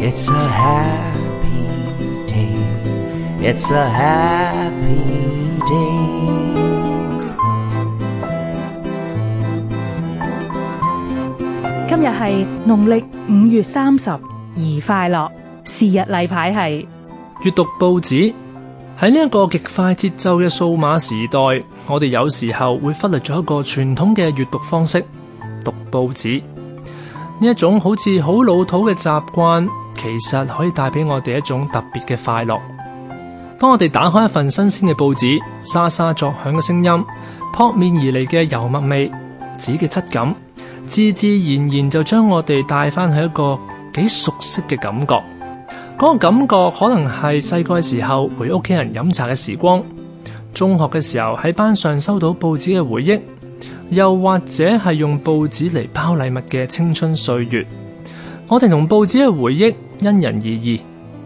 It's a happy day. It's a happy day. 今日係農曆五月三十，而快樂是日例牌係閱讀報紙。喺呢一個極快節奏嘅數碼時代，我哋有時候會忽略咗一個傳統嘅閱讀方式——讀報紙。呢一種好似好老土嘅習慣。其實可以帶俾我哋一種特別嘅快樂。當我哋打開一份新鮮嘅報紙，沙沙作響嘅聲音，撲面而嚟嘅油墨味、紙嘅質感，自自然然就將我哋帶翻去一個幾熟悉嘅感覺。嗰個感覺可能係細個嘅時候陪屋企人飲茶嘅時光，中學嘅時候喺班上收到報紙嘅回憶，又或者係用報紙嚟包禮物嘅青春歲月。我哋同報紙嘅回憶因人而異，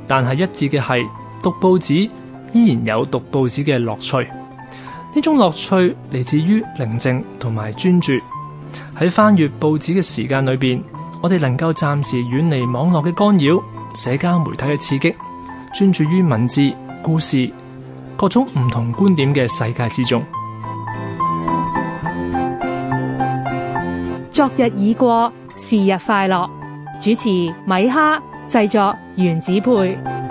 但係一致嘅係，讀報紙依然有讀報紙嘅樂趣。呢種樂趣嚟自於寧靜同埋專注。喺翻閱報紙嘅時間裏邊，我哋能夠暫時遠離網絡嘅干擾、社交媒體嘅刺激，專注於文字、故事、各種唔同觀點嘅世界之中。昨日已過，是日快樂。主持米哈，製作原子配。